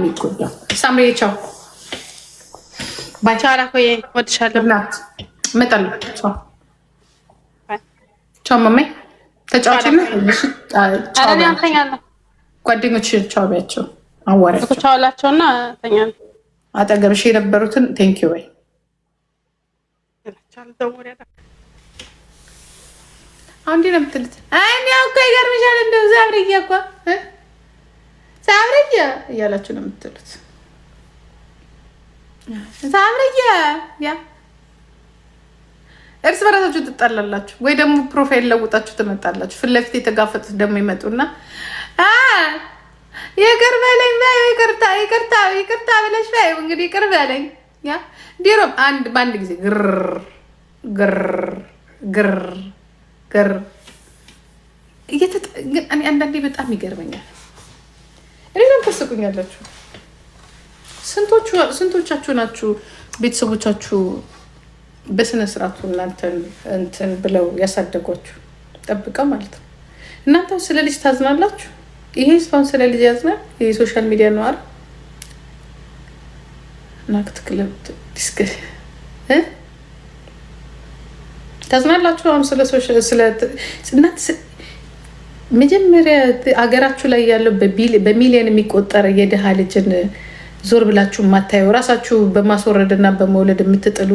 የሚጎዳው። ሳምሪ ቻው ናት ቻው ጓደኞች ቻው ቢያቸው አዋሪያቸው ቻው ላቸውና አጠገብሽ የነበሩትን ወይ አሁን ነው የምትሉት። እኔ እኮ ይገርምሻል እንደው ዛብሬ ሳምረየ እያላችሁ ነው የምትሉት። ሳምረየ ያ እርስ በራሳችሁ ትጣላላችሁ፣ ወይ ደግሞ ፕሮፋይል ለውጣችሁ ትመጣላችሁ። ፊት ለፊት የተጋፈጡት ደግሞ ይመጡና ይቅር በለኝ ይቅርታ ይቅርታ ይቅርታ ብለሽ እንግዲህ ይቅር በለኝ። ያ ዲሮም አንድ በአንድ ጊዜ ግር ግር ግር ግር እየተጠ ግን አንዳንዴ በጣም ይገርመኛል። ትስቁኛላችሁ። ስንቶቻችሁ ናችሁ ቤተሰቦቻችሁ በስነ ስርዓቱ እናንተን እንትን ብለው ያሳደጓችሁ ጠብቀ ማለት ነው። እናንተ ስለ ልጅ ታዝናላችሁ። ይሄ ስሁን ስለ ልጅ ያዝናል። የሶሻል ሚዲያ ነው አይደል? ናክት ክለብ ዲስክ ታዝናላችሁ። አሁን ስለ እናንተ መጀመሪያ አገራችሁ ላይ ያለው በሚሊዮን የሚቆጠር የድሃ ልጅን ዞር ብላችሁ የማታየው ራሳችሁ በማስወረድ እና በመውለድ የምትጥሉ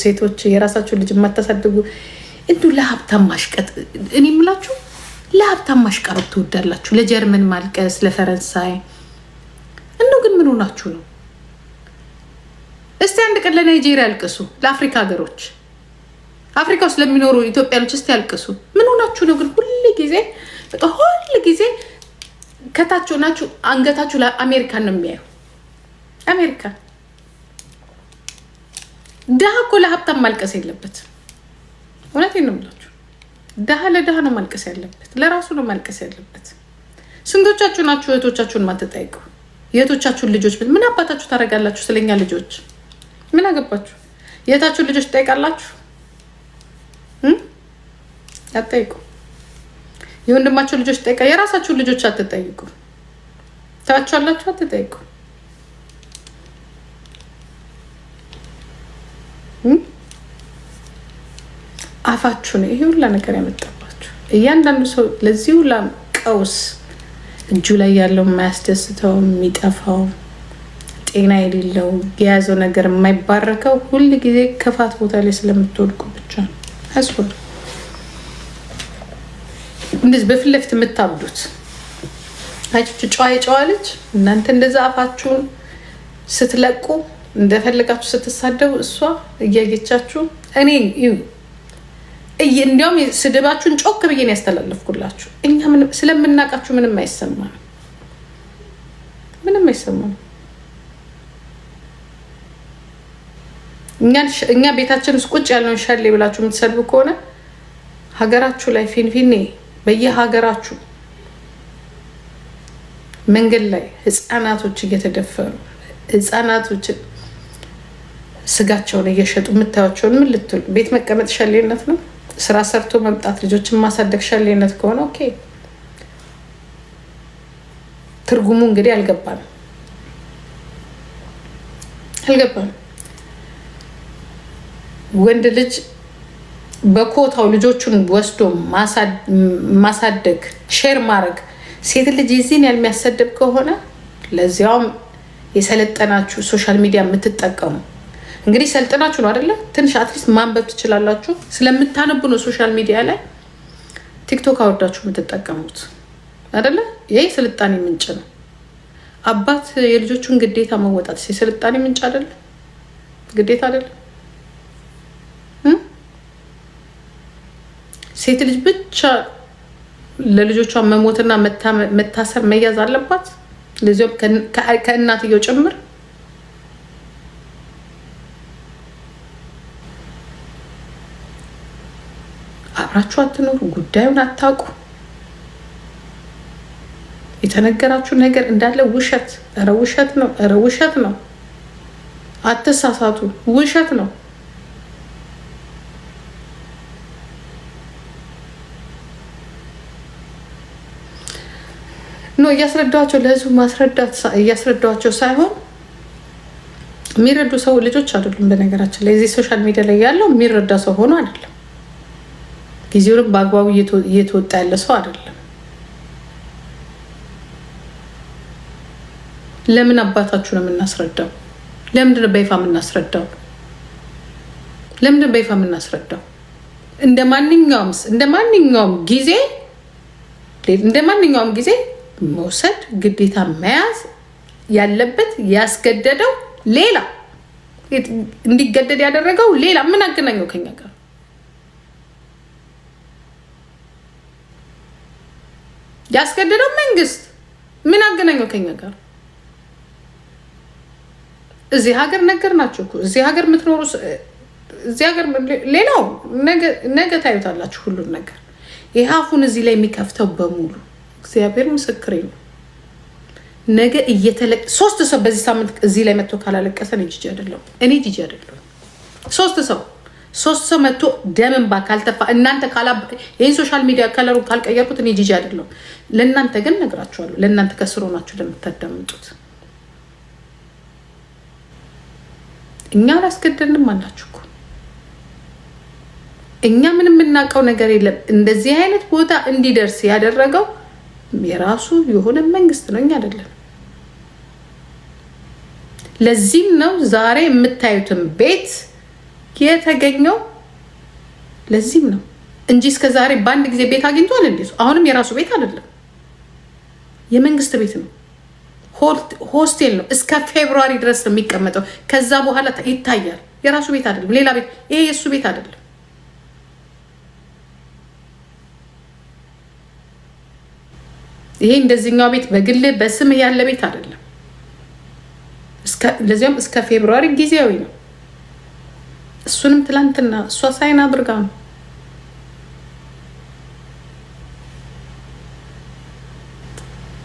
ሴቶች፣ የራሳችሁ ልጅ የማታሳድጉ እንዱ ለሀብታም ማሽቀጥ፣ እኔ ምላችሁ ለሀብታም ማሽቀረብ ትወዳላችሁ። ለጀርመን ማልቀስ፣ ለፈረንሳይ እንደው ግን ምን ሆናችሁ ነው? እስቲ አንድ ቀን ለናይጄሪያ ያልቅሱ፣ ለአፍሪካ ሀገሮች፣ አፍሪካ ውስጥ ለሚኖሩ ኢትዮጵያኖች እስቲ ያልቅሱ። ምን ሆናችሁ ነው ግን ጊዜ በቃ ሁል ጊዜ ከታችሁ ናችሁ አንገታችሁ አሜሪካን ነው የሚያዩ። አሜሪካ ድሃ እኮ ለሀብታም ማልቀስ የለበት። እውነቴን ነው የምላችሁ። ድሃ ለድሃ ነው ማልቀስ ያለበት፣ ለራሱ ነው ማልቀስ ያለበት። ስንቶቻችሁ ናችሁ እህቶቻችሁን ማትጠይቁ? የእህቶቻችሁን ልጆች ምን አባታችሁ ታደርጋላችሁ? ስለኛ ልጆች ምን አገባችሁ? የእህታችሁን ልጆች ትጠይቃላችሁ? አትጠይቁ። የወንድማቸው ልጆች ጠይቀ የራሳችሁን ልጆች አትጠይቁ። ታያችኋላችሁ፣ አትጠይቁ። አፋችሁ ነው ይሄ ሁላ ነገር ያመጣባችሁ። እያንዳንዱ ሰው ለዚህ ሁላ ቀውስ እጁ ላይ ያለው የማያስደስተው የሚጠፋው ጤና የሌለው የያዘው ነገር የማይባረከው ሁል ጊዜ ክፋት ቦታ ላይ ስለምትወድቁ ብቻ ነው። እንደዚህ በፊት ለፊት የምታብዱት አጭ ጨዋ የጨዋ እናንተ እንደዛ አፋችሁን ስትለቁ እንደፈለጋችሁ ስትሳደቡ እሷ እያየቻችሁ እኔ እንዲያውም ስድባችሁን ጮክ ብዬን ያስተላለፍኩላችሁ። እኛ ስለምናውቃችሁ ምንም አይሰማንም፣ ምንም አይሰማንም። እኛ ቤታችን ውስጥ ቁጭ ያለውን ሻሌ ብላችሁ የምትሰድቡ ከሆነ ሀገራችሁ ላይ ፊንፊኔ በየሀገራችሁ መንገድ ላይ ህፃናቶች እየተደፈሩ ህፃናቶችን ስጋቸውን እየሸጡ የምታያቸውን ምን ልትሉ? ቤት መቀመጥ ሸሌነት ነው። ስራ ሰርቶ መምጣት ልጆችን ማሳደግ ሸሌነት ከሆነ ኦኬ፣ ትርጉሙ እንግዲህ አልገባንም አልገባንም። ወንድ ልጅ በኮታው ልጆቹን ወስዶ ማሳደግ ሼር ማድረግ ሴት ልጅ ይህን የሚያሰድብ ከሆነ ለዚያውም የሰለጠናችሁ ሶሻል ሚዲያ የምትጠቀሙ እንግዲህ ሰልጥናችሁ ነው አደለ? ትንሽ አትሊስት ማንበብ ትችላላችሁ። ስለምታነቡ ነው ሶሻል ሚዲያ ላይ ቲክቶክ አወርዳችሁ የምትጠቀሙት አደለ? ይህ ስልጣኔ ምንጭ ነው። አባት የልጆቹን ግዴታ መወጣት የስልጣኔ ምንጭ አደለ? ግዴታ አደለ? ሴት ልጅ ብቻ ለልጆቿ መሞትና መታሰር መያዝ አለባት፣ ለዚም ከእናትየው ጭምር። አብራችሁ አትኖሩ፣ ጉዳዩን አታውቁ። የተነገራችሁ ነገር እንዳለ ውሸት፣ ኧረ ውሸት ነው፣ ኧረ ውሸት ነው። አትሳሳቱ፣ ውሸት ነው። እያስረዳቸው ለህዝቡ ማስረዳት እያስረዳቸው ሳይሆን የሚረዱ ሰው ልጆች አይደሉም። በነገራችን ላይ እዚህ ሶሻል ሚዲያ ላይ ያለው የሚረዳ ሰው ሆኖ አይደለም። ጊዜውንም በአግባቡ እየተወጣ ያለ ሰው አይደለም። ለምን አባታችሁ ነው የምናስረዳው? ለምንድን በይፋ የምናስረዳው? ለምንድን በይፋ የምናስረዳው? እንደ ማንኛውም እንደ ማንኛውም ጊዜ እንደ ማንኛውም ጊዜ መውሰድ ግዴታ መያዝ ያለበት ያስገደደው ሌላ እንዲገደድ ያደረገው ሌላ ምን አገናኘው ከኛ ጋር? ያስገደደው መንግስት ምን አገናኘው ከኛ ጋር? እዚህ ሀገር ነገር ናቸው እኮ እዚህ ሀገር የምትኖሩ እዚህ ሀገር ሌላው ነገ ታዩታላችሁ ሁሉን ነገር ይህ አፉን እዚህ ላይ የሚከፍተው በሙሉ እግዚአብሔር ምስክሬ ነው። ነገ እየተለ ሶስት ሰው በዚህ ሳምንት እዚህ ላይ መጥቶ ካላለቀሰ እኔ ጂጂ አይደለሁም። እኔ ጂጂ አይደለሁም። ሶስት ሰው ሶስት ሰው መጥቶ ደም ካልተፋ እናንተ ካላ ይህን ሶሻል ሚዲያ ከለሩ ካልቀየርኩት እኔ ጂጂ አይደለሁም። ለእናንተ ግን ነግራችኋለሁ። ለእናንተ ከስሮ ናችሁ ለምታዳምጡት እኛ አላስገደንም አላችሁ እኮ እኛ ምን የምናውቀው ነገር የለም። እንደዚህ አይነት ቦታ እንዲደርስ ያደረገው የራሱ የሆነ መንግስት ነው፣ እኛ አይደለም። ለዚህም ነው ዛሬ የምታዩትን ቤት የተገኘው ለዚህም ነው እንጂ እስከ ዛሬ በአንድ ጊዜ ቤት አግኝቷል እንዴ? አሁንም የራሱ ቤት አይደለም፣ የመንግስት ቤት ነው፣ ሆስቴል ነው። እስከ ፌብሩዋሪ ድረስ ነው የሚቀመጠው። ከዛ በኋላ ይታያል። የራሱ ቤት አይደለም፣ ሌላ ቤት። ይሄ የእሱ ቤት አይደለም። ይሄ እንደዚህኛው ቤት በግል በስም ያለ ቤት አይደለም። ለዚያም እስከ ፌብሩዋሪ ጊዜያዊ ነው። እሱንም ትላንትና እሷ ሳይን አድርጋ ነው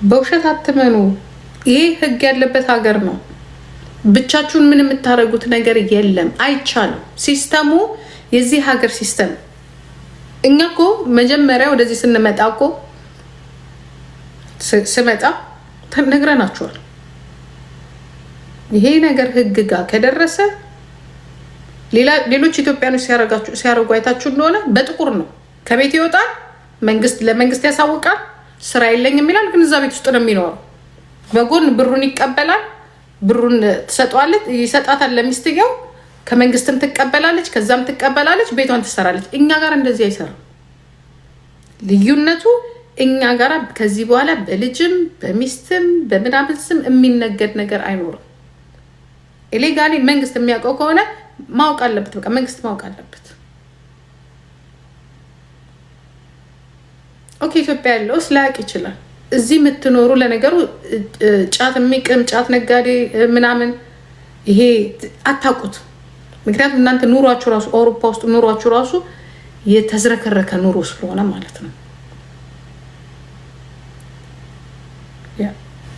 በውሸት አትመኑ። ይሄ ህግ ያለበት ሀገር ነው። ብቻችሁን ምን የምታደርጉት ነገር የለም፣ አይቻልም። ሲስተሙ የዚህ ሀገር ሲስተም። እኛ እኮ መጀመሪያ ወደዚህ ስንመጣ እኮ ስመጣ ተነግረናቸዋል። ይሄ ነገር ህግ ጋር ከደረሰ ሌሎች ኢትዮጵያኖች ሲያደርጉ አይታችሁ እንደሆነ በጥቁር ነው። ከቤት ይወጣል፣ መንግስት ለመንግስት ያሳውቃል። ስራ የለኝም ይላል፣ ግን እዛ ቤት ውስጥ ነው የሚኖረው። በጎን ብሩን ይቀበላል። ብሩን ትሰጠዋለች፣ ይሰጣታል ለሚስትየው። ከመንግስትም ትቀበላለች፣ ከዛም ትቀበላለች፣ ቤቷን ትሰራለች። እኛ ጋር እንደዚህ አይሰራም። ልዩነቱ እኛ ጋራ ከዚህ በኋላ በልጅም በሚስትም በምናምን ስም የሚነገድ ነገር አይኖርም። ኢሌጋሊ መንግስት የሚያውቀው ከሆነ ማወቅ አለበት። በቃ መንግስት ማወቅ አለበት። ኦኬ፣ ኢትዮጵያ ያለው ላያውቅ ይችላል። እዚህ የምትኖሩ ለነገሩ ጫት የሚቅም ጫት ነጋዴ ምናምን ይሄ አታውቁት። ምክንያቱም እናንተ ኑሯችሁ ራሱ አውሮፓ ውስጥ ኑሯችሁ ራሱ የተዝረከረከ ኑሮ ስለሆነ ማለት ነው።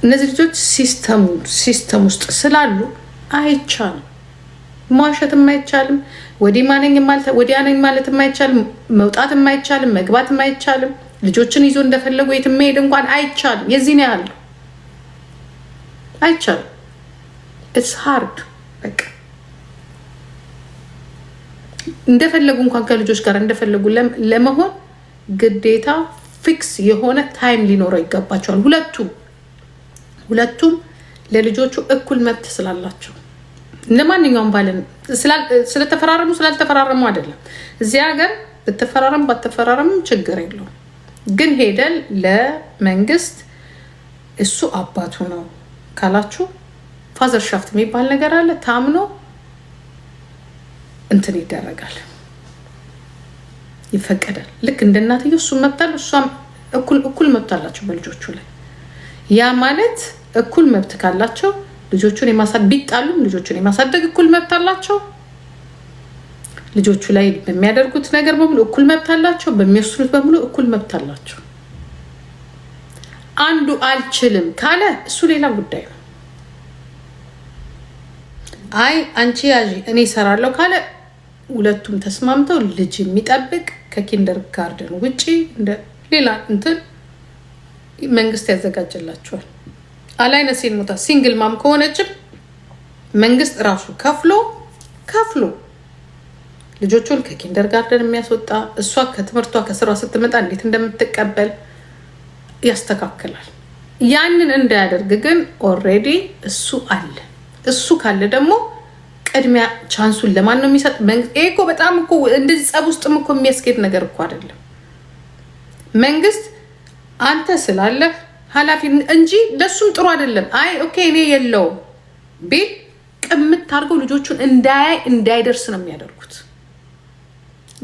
እነዚህ ልጆች ሲስተም ውስጥ ስላሉ አይቻልም፣ መዋሸትም አይቻልም፣ ወዲያ ነኝ ማለት አይቻልም፣ መውጣት አይቻልም፣ መግባት አይቻልም። ልጆችን ይዞ እንደፈለጉ የት መሄድ እንኳን አይቻልም። የዚህ ነው ያለው አይቻልም። ኢትስ ሃርድ በቃ እንደፈለጉ እንኳን ከልጆች ጋር እንደፈለጉ ለመሆን ግዴታ ፊክስ የሆነ ታይም ሊኖረው ይገባቸዋል ሁለቱ ሁለቱም ለልጆቹ እኩል መብት ስላላቸው እንደ ማንኛውም ባል ስለተፈራረሙ ስላልተፈራረሙ አይደለም። እዚ ሀገር ብትፈራረም ባትፈራረም ችግር የለው ግን ሄደን ለመንግስት እሱ አባቱ ነው ካላችሁ ፋዘር ሻፍት የሚባል ነገር አለ። ታምኖ እንትን ይደረጋል፣ ይፈቀዳል። ልክ እንደ እናትየው እሱ መብት እሷም እኩል መብት አላቸው በልጆቹ ላይ ያ ማለት እኩል መብት ካላቸው ልጆቹን ቢጣሉም ልጆቹን የማሳደግ እኩል መብት አላቸው። ልጆቹ ላይ በሚያደርጉት ነገር በሙሉ እኩል መብት አላቸው። በሚወስኑት በሙሉ እኩል መብት አላቸው። አንዱ አልችልም ካለ እሱ ሌላ ጉዳይ ነው። አይ አንቺ ያዥ እኔ እሰራለሁ ካለ ሁለቱም ተስማምተው ልጅ የሚጠብቅ ከኪንደር ጋርደን ውጪ ሌላ እንትን መንግስት ያዘጋጅላቸዋል አላይነ ሴን ሞታ ሲንግል ማም ከሆነችም መንግስት ራሱ ከፍሎ ከፍሎ ልጆቹን ከኪንደር ጋርደን የሚያስወጣ እሷ ከትምህርቷ ከስራ ስትመጣ እንዴት እንደምትቀበል ያስተካክላል። ያንን እንዳያደርግ ግን ኦልሬዲ እሱ አለ። እሱ ካለ ደግሞ ቅድሚያ ቻንሱን ለማን ነው የሚሰጥ? ይሄ እኮ በጣም እኮ እንደዚህ ጸብ ውስጥም እኮ የሚያስኬድ ነገር እኮ አይደለም መንግስት አንተ ስላለህ ኃላፊ እንጂ ለሱም ጥሩ አይደለም። አይ ኦኬ እኔ የለውም ቤት ቅምት አድርገው ልጆቹን እንዳያይ እንዳይደርስ ነው የሚያደርጉት።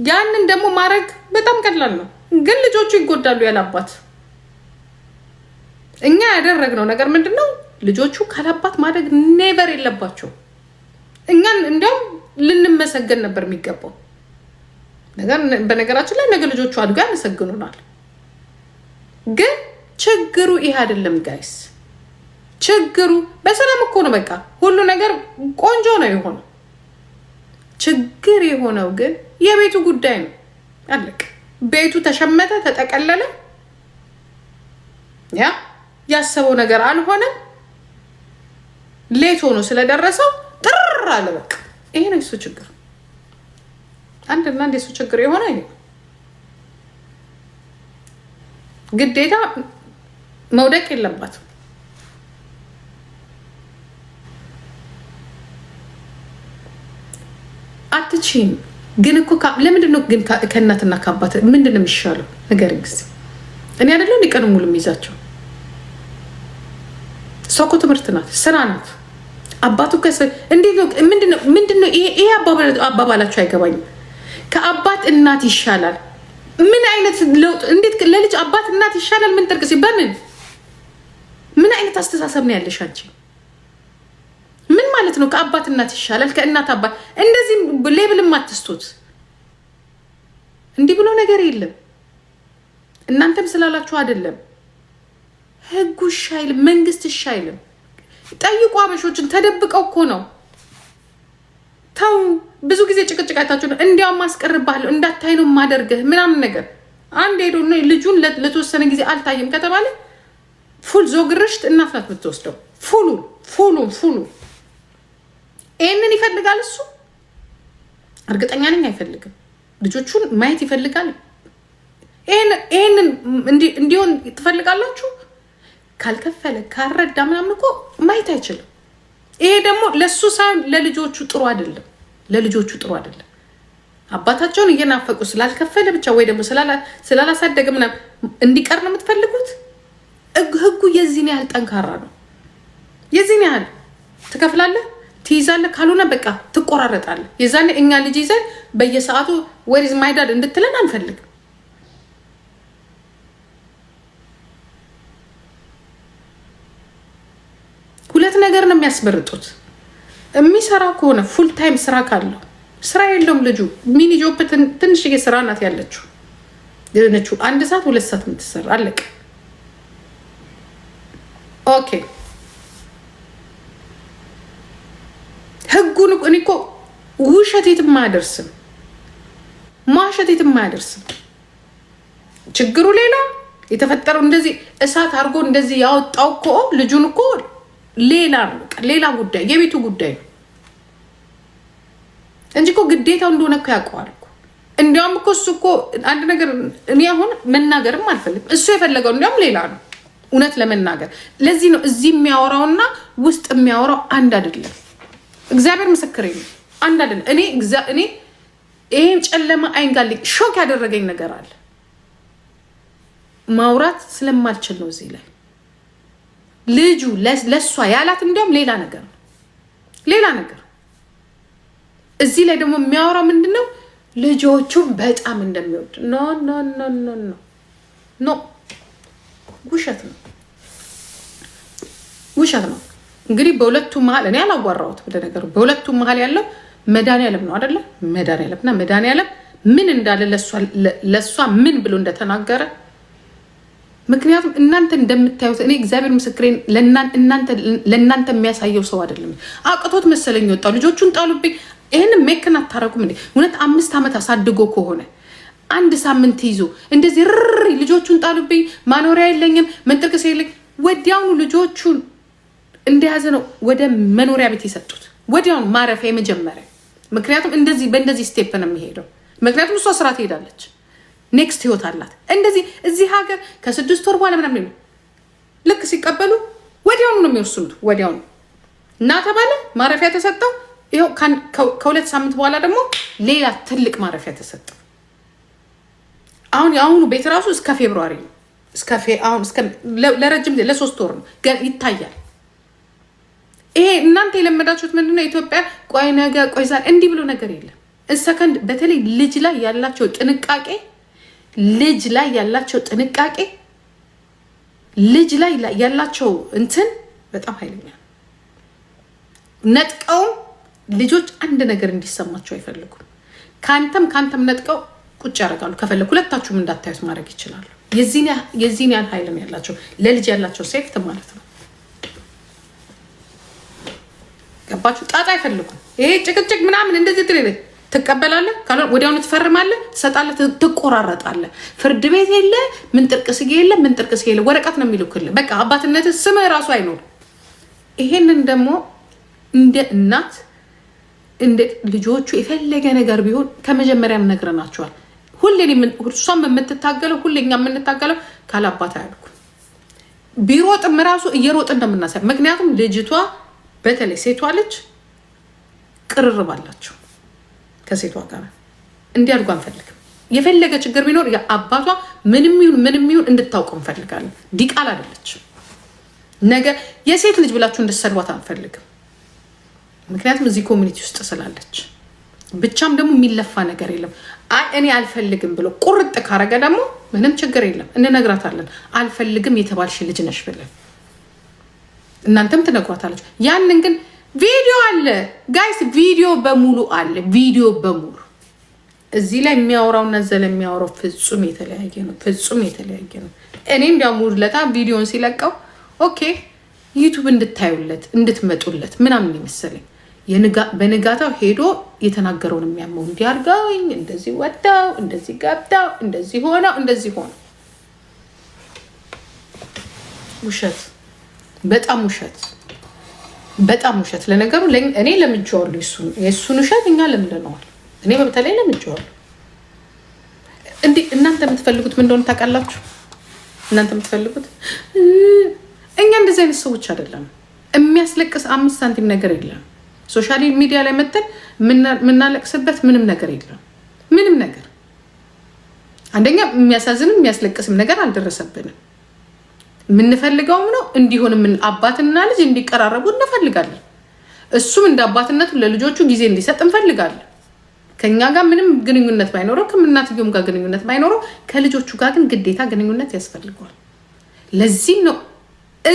ያንን ደግሞ ማድረግ በጣም ቀላል ነው፣ ግን ልጆቹ ይጎዳሉ ያላባት። እኛ ያደረግነው ነገር ምንድን ነው? ልጆቹ ካላባት ማድረግ ኔቨር የለባቸው። እኛን እንዲያውም ልንመሰገን ነበር የሚገባው። በነገራችን ላይ ነገ ልጆቹ አድጋ ያመሰግኑናል። ግን ችግሩ ይህ አይደለም ጋይስ። ችግሩ በሰላም እኮ ነው። በቃ ሁሉ ነገር ቆንጆ ነው የሆነው። ችግር የሆነው ግን የቤቱ ጉዳይ ነው። አለቅ ቤቱ ተሸመተ፣ ተጠቀለለ። ያ ያሰበው ነገር አልሆነም። ሌት ሆኖ ስለደረሰው ጥር አለ። በቃ ይሄ ነው የሱ ችግር። አንድና አንድ የሱ ችግር የሆነ ግዴታ መውደቅ የለባትም። አትችም። ግን እኮ ለምንድን ነው ግን ከእናትና ከአባት ምንድን ነው የሚሻለው? ነገር ጊዜ እኔ አደለ ሊቀን ሙሉ የሚይዛቸው ሰው እኮ ትምህርት ናት፣ ስራ ናት። አባቱ ምንድነው? ይሄ አባባላቸው አይገባኝም። ከአባት እናት ይሻላል። ምን አይነት ለውጥ እንዴት ለልጅ አባት እናት ይሻላል? ምን ጥርቅሴ በምን ምን አይነት አስተሳሰብ ነው ያለሽ አንቺ? ምን ማለት ነው ከአባት እናት ይሻላል? ከእናት አባት እንደዚህ ሌብልም አትስቶት። እንዲህ ብሎ ነገር የለም። እናንተም ስላላችሁ አይደለም። ህጉ እሺ አይልም፣ መንግስት እሺ አይልም። ጠይቁ። አበሾችን ተደብቀው እኮ ነው ተው ብዙ ጊዜ ጭቅጭቅ አይታችሁ እንዲያውም ማስቀርባለሁ እንዳታይ ነው ማደርግህ ምናምን ነገር አንድ ሄዶ ልጁን ለተወሰነ ጊዜ አልታየም ከተባለ ፉል ዞግርሽት እናት ናት የምትወስደው። ፉሉ ፉሉ ፉሉ ይህንን ይፈልጋል እሱ እርግጠኛ ነኝ አይፈልግም። ልጆቹን ማየት ይፈልጋል። ይህንን እንዲሆን ትፈልጋላችሁ። ካልከፈለ ካልረዳ ምናምን እኮ ማየት አይችልም። ይሄ ደግሞ ለእሱ ሳይሆን ለልጆቹ ጥሩ አይደለም። ለልጆቹ ጥሩ አይደለም። አባታቸውን እየናፈቁ ስላልከፈለ ብቻ ወይ ደግሞ ስላላሳደገ ምናምን እንዲቀር ነው የምትፈልጉት። ህጉ የዚህን ያህል ጠንካራ ነው። የዚህን ያህል ትከፍላለህ፣ ትይዛለህ፣ ካልሆነ በቃ ትቆራረጣለህ። የዛኔ እኛ ልጅ ይዘን በየሰዓቱ ወሪዝ ማይዳድ እንድትለን አንፈልግም። ሁለት ነገር ነው የሚያስመርጡት። የሚሰራ ከሆነ ፉል ታይም ስራ ካለው ስራ የለውም ልጁ ሚኒ ጆብ ትንሽ ስራ ናት ያለችው ነችው አንድ ሰዓት ሁለት ሰዓት የምትሰራ አለቀ። ኦኬ ህጉን እኔ እኮ ውሸት የትም አያደርስም ማሸት የትም አያደርስም ችግሩ ሌላ የተፈጠረው እንደዚህ እሳት አድርጎ እንደዚህ ያወጣው እኮ ልጁን እኮ ሌላ ሌላ ጉዳይ የቤቱ ጉዳይ ነው እንጂ እኮ ግዴታው እንደሆነ እኮ ያውቀዋል እንዲያውም እኮ እሱ እኮ አንድ ነገር እኔ አሁን መናገርም አልፈልግም። እሱ የፈለገው እንዲያውም ሌላ ነው። እውነት ለመናገር ለዚህ ነው እዚህ የሚያወራውና ውስጥ የሚያወራው አንድ አይደለም። እግዚአብሔር ምስክሬ ነው፣ አንድ አይደለም። እኔ እኔ ይሄ ጨለማ አይንጋልኝ ሾክ ያደረገኝ ነገር አለ። ማውራት ስለማልችል ነው እዚህ ላይ ልጁ ለእሷ ያላት እንዲያውም ሌላ ነገር ነው፣ ሌላ ነገር። እዚህ ላይ ደግሞ የሚያወራው ምንድን ነው? ልጆቹን በጣም እንደሚወድ ኖ ኖ ኖ ኖ ኖ ኖ፣ ውሸት ነው፣ ውሸት ነው። እንግዲህ በሁለቱ መሀል እኔ አላዋራሁትም፣ ነገር በሁለቱ መሀል ያለው መድኃኒዓለም ነው አይደለ? መድኃኒዓለምና መድኃኒዓለም ምን እንዳለ ለእሷ ምን ብሎ እንደተናገረ ምክንያቱም እናንተ እንደምታዩት እኔ እግዚአብሔር ምስክሬን ለእናንተ የሚያሳየው ሰው አይደለም። አቅቶት መሰለኝ ወጣ፣ ልጆቹን ጣሉብኝ። ይህን ሜክን አታረጉም እንዴ? እውነት አምስት ዓመት አሳድጎ ከሆነ አንድ ሳምንት ይዞ እንደዚህ ርሪ ልጆቹን ጣሉብኝ፣ ማኖሪያ የለኝም፣ መንጠቅስ የለኝ። ወዲያውኑ ልጆቹን እንደያዘ ነው ወደ መኖሪያ ቤት የሰጡት፣ ወዲያውኑ ማረፊያ የመጀመሪያ። ምክንያቱም እንደዚህ በእንደዚህ ስቴፕ ነው የሚሄደው። ምክንያቱም እሷ ስራ ትሄዳለች። ኔክስት ህይወት አላት። እንደዚህ እዚህ ሀገር ከስድስት ወር በኋላ ምናምን ልክ ሲቀበሉ ወዲያውኑ ነው የሚወስኑት። ወዲያውኑ እና ተባለ ማረፊያ ተሰጠው። ይኸው ከሁለት ሳምንት በኋላ ደግሞ ሌላ ትልቅ ማረፊያ ተሰጠው። አሁን የአሁኑ ቤት ራሱ እስከ ፌብሯሪ ነው ለረጅም ጊዜ ለሶስት ወር ነው ይታያል። ይሄ እናንተ የለመዳችሁት ምንድነው? ኢትዮጵያ ቆይ ነገ ቆይ ዛሬ እንዲህ ብሎ ነገር የለም። ሰከንድ በተለይ ልጅ ላይ ያላቸው ጥንቃቄ ልጅ ላይ ያላቸው ጥንቃቄ፣ ልጅ ላይ ያላቸው እንትን በጣም ኃይለኛ ነጥቀው ልጆች አንድ ነገር እንዲሰማቸው አይፈልጉም። ከአንተም ከአንተም ነጥቀው ቁጭ ያደርጋሉ። ከፈለግ ሁለታችሁም እንዳታዩት ማድረግ ይችላሉ። የዚህን ያህል ኃይልም ያላቸው ለልጅ ያላቸው ሴፍት ማለት ነው። ገባችሁ? ጣጣ አይፈልጉም። ይሄ ጭቅጭቅ ምናምን እንደዚህ ትሬ ትቀበላለህ፣ ወዲያውኑ ትፈርማለህ፣ ትሰጣለህ፣ ትቆራረጣለህ። ፍርድ ቤት የለ፣ ምን ስጌ የለ፣ ምን ስጌ የለ፣ ወረቀት ነው የሚልክልህ። በቃ አባትነት ስምህ ራሱ አይኖር። ይሄንን ደግሞ እንደ እናት እንደ ልጆቹ የፈለገ ነገር ቢሆን ከመጀመሪያም ነግረናቸዋል። ሁሌ እሷም የምትታገለው ሁሌ እኛ የምንታገለው ካላባት አያልኩ ቢሮጥም ራሱ እየሮጥ ነው ምክንያቱም ልጅቷ በተለይ ሴቷ ልጅ ቅርርብ አላቸው። ከሴቷ ጋር እንዲያድጉ አንፈልግም። የፈለገ ችግር ቢኖር የአባቷ ምንም ይሁን ምንም ይሁን እንድታውቀው እንፈልጋለን። ዲቃላ አይደለችም። ነገ የሴት ልጅ ብላችሁ እንድትሰድቧት አንፈልግም። ምክንያቱም እዚህ ኮሚኒቲ ውስጥ ስላለች ብቻም ደግሞ የሚለፋ ነገር የለም። አይ እኔ አልፈልግም ብሎ ቁርጥ ካረገ ደግሞ ምንም ችግር የለም፣ እንነግራታለን። አልፈልግም የተባልሽ ልጅ ነሽ ብለን እናንተም ትነግሯታለች። ያንን ግን ቪዲዮ አለ ጋይስ፣ ቪዲዮ በሙሉ አለ። ቪዲዮ በሙሉ እዚህ ላይ የሚያወራው እና እዛ ላይ የሚያወራው ፍጹም የተለያየ ነው። ፍጹም የተለያየ ነው። እኔ እንዲያው ሙድ ለታ ቪዲዮን ሲለቀው ኦኬ ዩቱብ እንድታዩለት እንድትመጡለት ምናምን ይመስለኝ። በንጋታው ሄዶ የተናገረውን የሚያመው እንዲህ እንደዚህ ወጣው፣ እንደዚህ ገብታው፣ እንደዚህ ሆነው፣ እንደዚህ ሆነ። ውሸት፣ በጣም ውሸት በጣም ውሸት። ለነገሩ እኔ ለምጄዋለሁ፣ የእሱን ውሸት እኛ ለምንነዋል። እኔ በተለይ ለምጄዋለሁ። እንዴ እናንተ የምትፈልጉት ምን እንደሆነ ታውቃላችሁ? እናንተ የምትፈልጉት እኛ እንደዚህ አይነት ሰዎች አይደለም። የሚያስለቅስ አምስት ሳንቲም ነገር የለም። ሶሻል ሚዲያ ላይ መጠን የምናለቅስበት ምንም ነገር የለም። ምንም ነገር አንደኛ የሚያሳዝንም የሚያስለቅስም ነገር አልደረሰብንም። የምንፈልገውም ነው እንዲሆንም አባትና ልጅ እንዲቀራረቡ እንፈልጋለን። እሱም እንደ አባትነቱ ለልጆቹ ጊዜ እንዲሰጥ እንፈልጋለን። ከኛ ጋር ምንም ግንኙነት ባይኖረው ከምናትየውም ጋር ግንኙነት ባይኖረው ከልጆቹ ጋር ግን ግዴታ ግንኙነት ያስፈልገዋል። ለዚህም ነው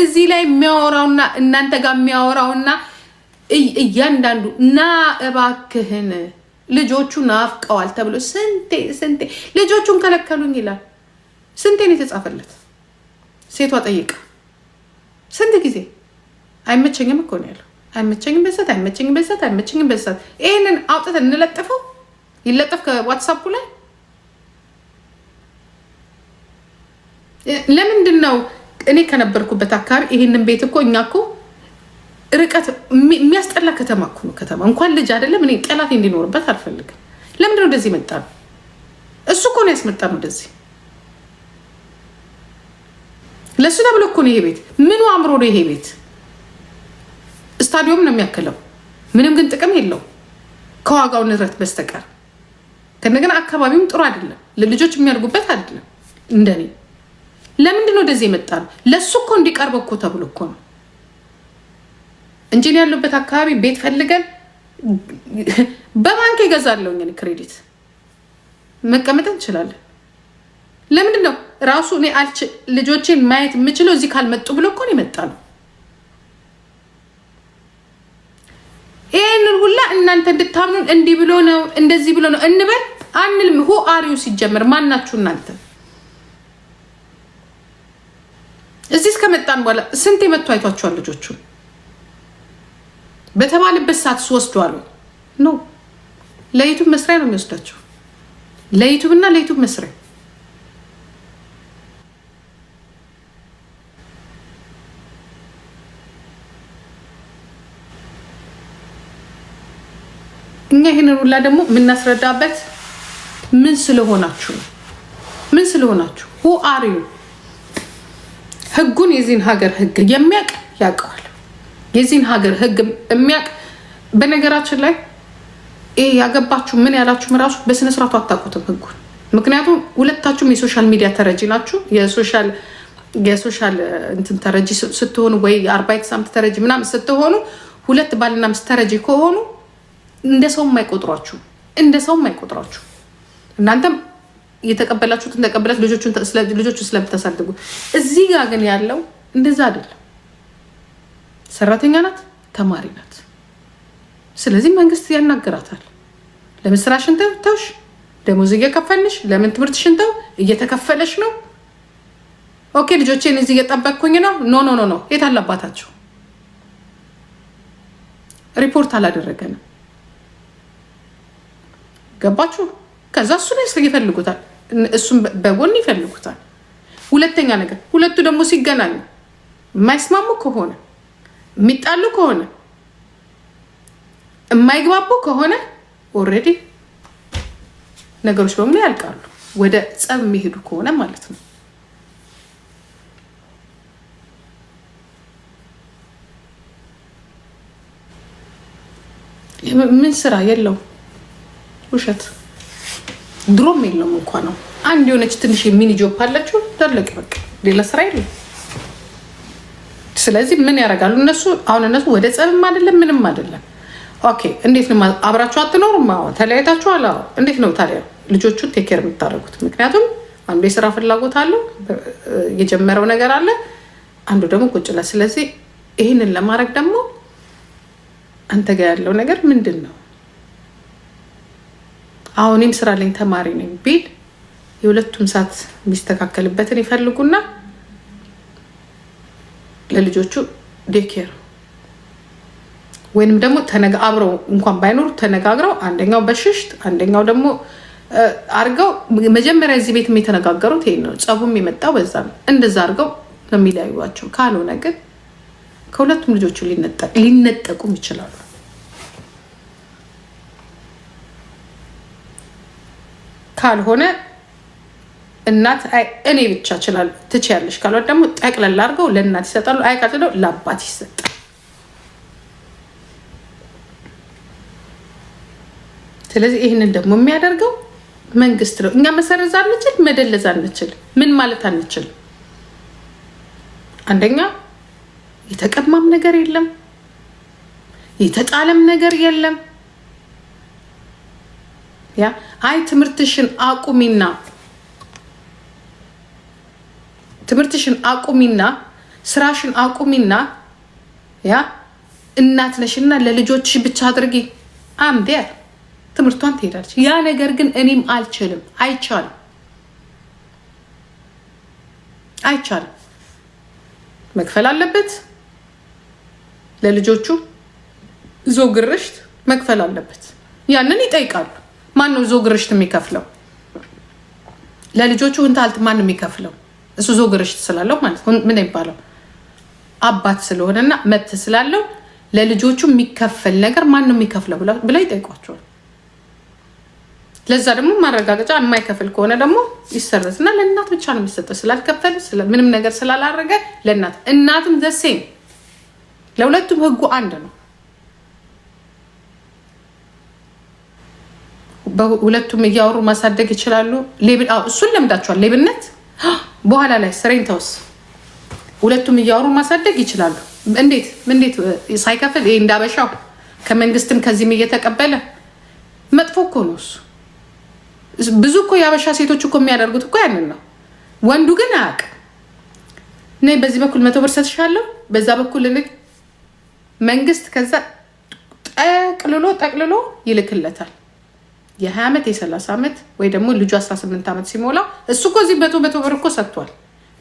እዚህ ላይ የሚያወራውና እናንተ ጋር የሚያወራውና እያንዳንዱ ና እባክህን ልጆቹ ናፍቀዋል ተብሎ ስንቴ ስንቴ ልጆቹን ከለከሉኝ ይላል። ስንቴን የተጻፈለት ሴቷ ጠይቃ ስንት ጊዜ አይመቸኝም እኮ ነው ያለው። አይመቸኝም በዛት አይመቸኝም በዛት አይመቸኝም በዛት። ይህንን አውጥተን እንለጥፈው ይለጠፍ ከዋትሳፑ ላይ ለምንድን ነው እኔ ከነበርኩበት አካባቢ ይህንን ቤት እኮ እኛ እኮ ርቀት የሚያስጠላ ከተማ እኮ ነው። ከተማ እንኳን ልጅ አይደለም እኔ ጠላት እንዲኖርበት አልፈልግም። ለምንድን ነው መጣ ነው? እሱ እኮ ነው ያስመጣ ነው ወደዚህ ለሱ ተብሎ እኮ ነው ይሄ ቤት። ምኑ አእምሮ ነው ይሄ ቤት? ስታዲየም ነው የሚያክለው። ምንም ግን ጥቅም የለው ከዋጋው ንረት በስተቀር ከእንደገና አካባቢውም ጥሩ አይደለም፣ ለልጆች የሚያድጉበት አይደለም። እንደኔ ለምንድን ነው ወደዚህ የመጣ ነው? ለእሱ እኮ እንዲቀርበ እኮ ተብሎ እኮ ነው እንጂ ያለበት አካባቢ ቤት ፈልገን በባንክ ይገዛለሁ ክሬዲት መቀመጥ እንችላለን። ለምንድን ነው ራሱ እኔ አልች ልጆቼን ማየት የምችለው እዚህ ካልመጡ ብሎ እኮ ነው የመጣ ነው። ይህንን ሁላ እናንተ እንድታምኑን እንዲህ ብሎ ነው እንደዚህ ብሎ ነው እንበል አንልም። ሁ አሪው ሲጀምር ማናችሁ እናንተ እዚህ እስከመጣን በኋላ ስንት የመጡ አይቷቸዋል ልጆቹ? በተባለበት ሰዓት ስወስዷሉ ነው ለዩቱብ መስሪያ ነው የሚወስዳቸው ለዩቱብ እና ለዩቱብ መስሪያ እኛ ይህንን ሁላ ደግሞ የምናስረዳበት ምን ስለሆናችሁ ነው? ምን ስለሆናችሁ ሁ አሪዩ ህጉን የዚህን ሀገር ህግ የሚያውቅ ያውቀዋል። የዚህን ሀገር ህግ የሚያውቅ በነገራችን ላይ ይሄ ያገባችሁ ምን ያላችሁም እራሱ በስነስርዓቱ አታውቁትም ህጉን። ምክንያቱም ሁለታችሁም የሶሻል ሚዲያ ተረጂ ናችሁ። የሶሻል እንትን ተረጂ ስትሆኑ ወይ አርባ ሳምንት ተረጂ ምናምን ስትሆኑ ሁለት ባልና ሚስት ተረጂ ከሆኑ እንደ ሰው የማይቆጥሯችሁ እንደ ሰው የማይቆጥሯችሁ እናንተም የተቀበላችሁትን ተቀበላችሁ ልጆቹ ስለምታሳድጉ። እዚህ ጋር ግን ያለው እንደዛ አይደለም። ሰራተኛ ናት፣ ተማሪ ናት። ስለዚህ መንግስት ያናግራታል። ለምን ስራሽን ተውሽ? ደሞዝ እየከፈልሽ ለምን ትምህርትሽን ተው? እየተከፈለሽ ነው። ኦኬ ልጆቼን እዚህ እየጠበቅኩኝ ነው። ኖ ኖ ኖ ኖ የት አላባታቸው ሪፖርት አላደረገንም። ገባችሁ? ከዛ እሱን ይፈልጉታል፣ እሱን በጎን ይፈልጉታል። ሁለተኛ ነገር ሁለቱ ደግሞ ሲገናኙ የማይስማሙ ከሆነ የሚጣሉ ከሆነ የማይግባቡ ከሆነ ኦልሬዲ ነገሮች በሙሉ ያልቃሉ። ወደ ጸብ የሚሄዱ ከሆነ ማለት ነው። ምን ስራ የለውም። ውሸት ድሮም የለም እንኳ ነው። አንድ የሆነች ትንሽ የሚኒ ጆብ አላቸው ዳለቅ በቃ ሌላ ስራ የለም። ስለዚህ ምን ያደርጋሉ እነሱ? አሁን እነሱ ወደ ጸብም አይደለም ምንም አይደለም። ኦኬ እንዴት ነው አብራችሁ አትኖሩም? አዎ ተለያይታችሁ አለ። እንዴት ነው ታዲያ ልጆቹን ቴኬር የምታደርጉት? ምክንያቱም አንዱ የስራ ፍላጎት አለው የጀመረው ነገር አለ፣ አንዱ ደግሞ ቁጭ ላ ስለዚህ ይህንን ለማድረግ ደግሞ አንተ ጋር ያለው ነገር ምንድን ነው? አሁን እኔም ስራ ላይ ተማሪ ነኝ ቢል የሁለቱም ሰዓት የሚስተካከልበትን ይፈልጉና ለልጆቹ ዴኬር ወይንም ደግሞ አብረው እንኳን ባይኖሩ ተነጋግረው አንደኛው በሽሽት አንደኛው ደግሞ አርገው መጀመሪያ እዚህ ቤት የተነጋገሩት ይሄ ነው። ጸቡም የመጣው በዛ ነው። እንደዛ አርገው ነው ካልሆነ ግን ከሁለቱም ልጆቹ ሊነጠቁም ይችላሉ። ካልሆነ እናት እኔ ብቻ ችላል ትችያለሽ ካልሆነ ደግሞ ጠቅለል አድርገው ለእናት ይሰጣሉ። አይ ካልሆነ ለአባት ይሰጣል። ስለዚህ ይህንን ደግሞ የሚያደርገው መንግስት ነው። እኛ መሰረዝ አንችል፣ መደለዝ አንችል፣ ምን ማለት አንችል። አንደኛ የተቀማም ነገር የለም፣ የተጣለም ነገር የለም። አይ ትምህርትሽን አቁሚና ትምህርትሽን አቁሚና ስራሽን አቁሚና ያ እናት ነሽና ለልጆችሽ ብቻ አድርጊ አምቢያ ትምህርቷን ትሄዳለች። ያ ነገር ግን እኔም አልችልም፣ አይቻልም፣ አይቻልም። መክፈል አለበት ለልጆቹ ዞግርሽት ግርሽት መክፈል አለበት። ያንን ይጠይቃሉ። ማን ነው ዞ ግርሽት የሚከፍለው? ለልጆቹ ህንታልት ማን የሚከፍለው? እሱ ዞ ግርሽት ስላለው ማለት ምን ይባለው አባት ስለሆነና መብት ስላለው ለልጆቹ የሚከፈል ነገር ማን ነው የሚከፍለው ብለው ይጠይቋቸዋል። ለዛ ደግሞ ማረጋገጫ የማይከፍል ከሆነ ደግሞ ይሰረዝና ለእናት ብቻ ነው የሚሰጠው። ስላልከፈል ምንም ነገር ስላላረገ ለእናት እናትም ዘሴ ለሁለቱም ህጉ አንድ ነው። ሁለቱም እያወሩ ማሳደግ ይችላሉ። እሱን ለምዳቸዋል ሌብነት በኋላ ላይ ስሬን ተውስ። ሁለቱም እያወሩ ማሳደግ ይችላሉ። እንዴት እንዴት ሳይከፍል ይሄ እንዳበሻው ከመንግስትም ከዚህም እየተቀበለ መጥፎ እኮ ነው እሱ። ብዙ እኮ የአበሻ ሴቶች እኮ የሚያደርጉት እኮ ያንን ነው። ወንዱ ግን አያውቅም። እኔ በዚህ በኩል መቶ ብር ሰጥሻለሁ፣ በዛ በኩል ልክ መንግስት ከዛ ጠቅልሎ ጠቅልሎ ይልክለታል። የ20 ዓመት የ30 ዓመት ወይ ደግሞ ልጁ 18 ዓመት ሲሞላ እሱ እኮ እዚህ መቶ መቶ ብር እኮ ሰጥቷል።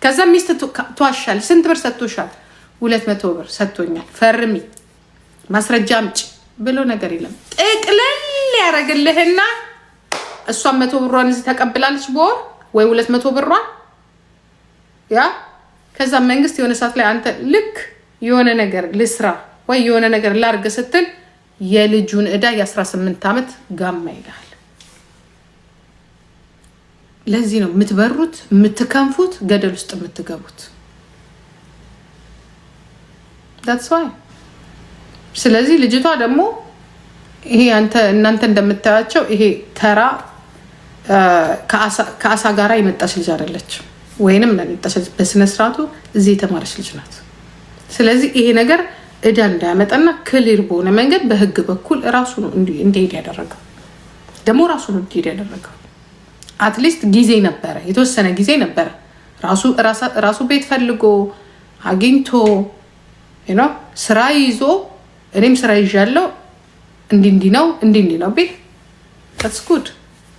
ከዛ ሚስት ተዋሻል። ስንት ብር ሰጥቶሻል? ሁለት መቶ ብር ሰጥቶኛል፣ ፈርሚ ማስረጃ አምጪ ብሎ ነገር የለም። ጥቅልል ያደረግልህና እሷን መቶ ብሯን እዚህ ተቀብላለች በወር ወይ ሁለት መቶ ብሯን ያ ከዛ መንግስት የሆነ ሰዓት ላይ አንተ ልክ የሆነ ነገር ልስራ ወይ የሆነ ነገር ላርግ ስትል የልጁን እዳ የ18 ዓመት ጋማ ይላል። ለዚህ ነው የምትበሩት፣ የምትከንፉት፣ ገደል ውስጥ የምትገቡት። ዳትስ ዋይ። ስለዚህ ልጅቷ ደግሞ ይሄ እናንተ እንደምታያቸው ይሄ ተራ ከአሳ ጋራ የመጣች ልጅ አይደለችም፣ ወይንም መጣች በስነስርዓቱ እዚህ የተማረች ልጅ ናት። ስለዚህ ይሄ ነገር እዳ እንዳያመጣና ክሊር በሆነ መንገድ በህግ በኩል ራሱ ነው እንዲሄድ ያደረገው ደግሞ ራሱ ነው እንዲሄድ ያደረገው። አትሊስት ጊዜ ነበረ፣ የተወሰነ ጊዜ ነበረ። ራሱ ቤት ፈልጎ አግኝቶ ስራ ይዞ እኔም ስራ ይዣለው እንዲህ እንዲህ ነው እንዲህ እንዲህ ነው ቤት ተስ ጉድ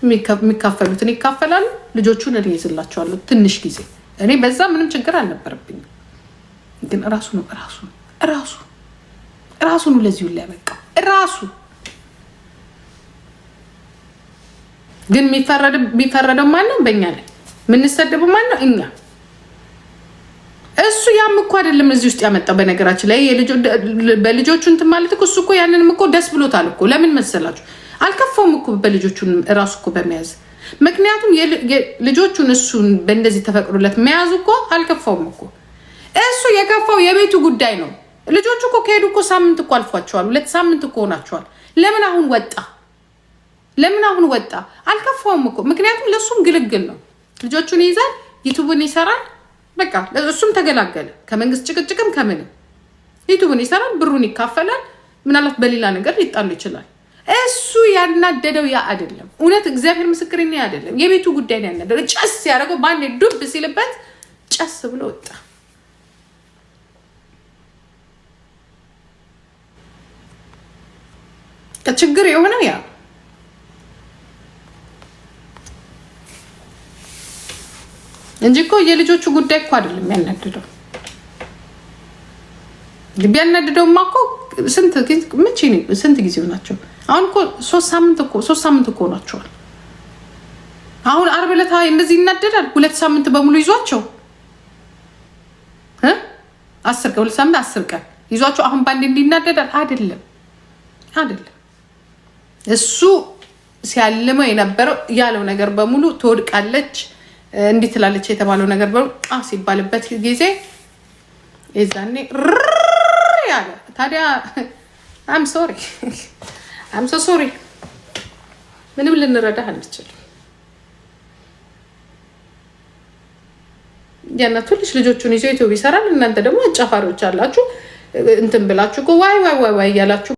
የሚካፈሉትን ይካፈላሉ። ልጆቹን እኔ ይዝላቸዋለሁ ትንሽ ጊዜ። እኔ በዛ ምንም ችግር አልነበረብኝ። ግን ራሱ ነው ራሱ ራሱ ራሱ ነው ለዚሁ ላይ በቃ ራሱ ግን የሚፈረደው ማን ነው? በእኛ ላይ የምንሰደበው ማን ነው? እኛ እሱ ያም እኮ አይደለም እዚህ ውስጥ ያመጣው። በነገራችን ላይ በልጆቹ እንትን ማለት እሱ እኮ ያንንም እኮ ደስ ብሎታል እኮ። ለምን መሰላችሁ? አልከፋውም እኮ በልጆቹ እራሱ እኮ በመያዝ ምክንያቱም ልጆቹን እሱን በእንደዚህ ተፈቅዶለት መያዙ እኮ አልከፋውም እኮ። እሱ የከፋው የቤቱ ጉዳይ ነው። ልጆቹ እኮ ከሄዱ እኮ ሳምንት እኮ አልፏቸዋል። ሁለት ሳምንት እኮ ሆናቸዋል። ለምን አሁን ወጣ? ለምን አሁን ወጣ? አልከፋውም እኮ ምክንያቱም ለእሱም ግልግል ነው። ልጆቹን ይይዛል፣ ዩቱቡን ይሰራል። በቃ እሱም ተገላገለ ከመንግስት ጭቅጭቅም ከምንም። ዩቱቡን ይሰራል፣ ብሩን ይካፈላል። ምናልባት በሌላ ነገር ሊጣሉ ይችላል። እሱ ያናደደው ያ አይደለም። እውነት እግዚአብሔር ምስክር ያ አይደለም። የቤቱ ጉዳይ ነው ያናደደ። ጨስ ያደረገው በአንዴ ዱብ ሲልበት ጨስ ብሎ ወጣ። ችግር የሆነው ያ እንጂ እኮ የልጆቹ ጉዳይ እኮ አይደለም የሚያናድደው። ቢያናድደውማ እኮ ስንት ጊዜው ናቸው። አሁን እኮ ሶስት ሳምንት እኮ ናቸዋል። አሁን አርብ ዕለት እንደዚህ ይናደዳል። ሁለት ሳምንት በሙሉ ይዟቸው አስር ቀን ሁለት ሳምንት አስር ቀን ይዟቸው አሁን በአንድ እንዲናደዳል። አይደለም አይደለም እሱ ሲያልመው የነበረው ያለው ነገር በሙሉ ትወድቃለች እንዲህ ትላለች የተባለው ነገር በቃ ሲባልበት ጊዜ የዛኔ ያለ ታዲያ አም ሶሪ አም ሶ ሶሪ ምንም ልንረዳህ አንችልም። ያና ልጅ ልጆቹን ይዞ ኢትዮብ ይሰራል። እናንተ ደግሞ አጫፋሪዎች አላችሁ እንትን ብላችሁ ዋይ ዋይ ዋይ ዋይ እያላችሁ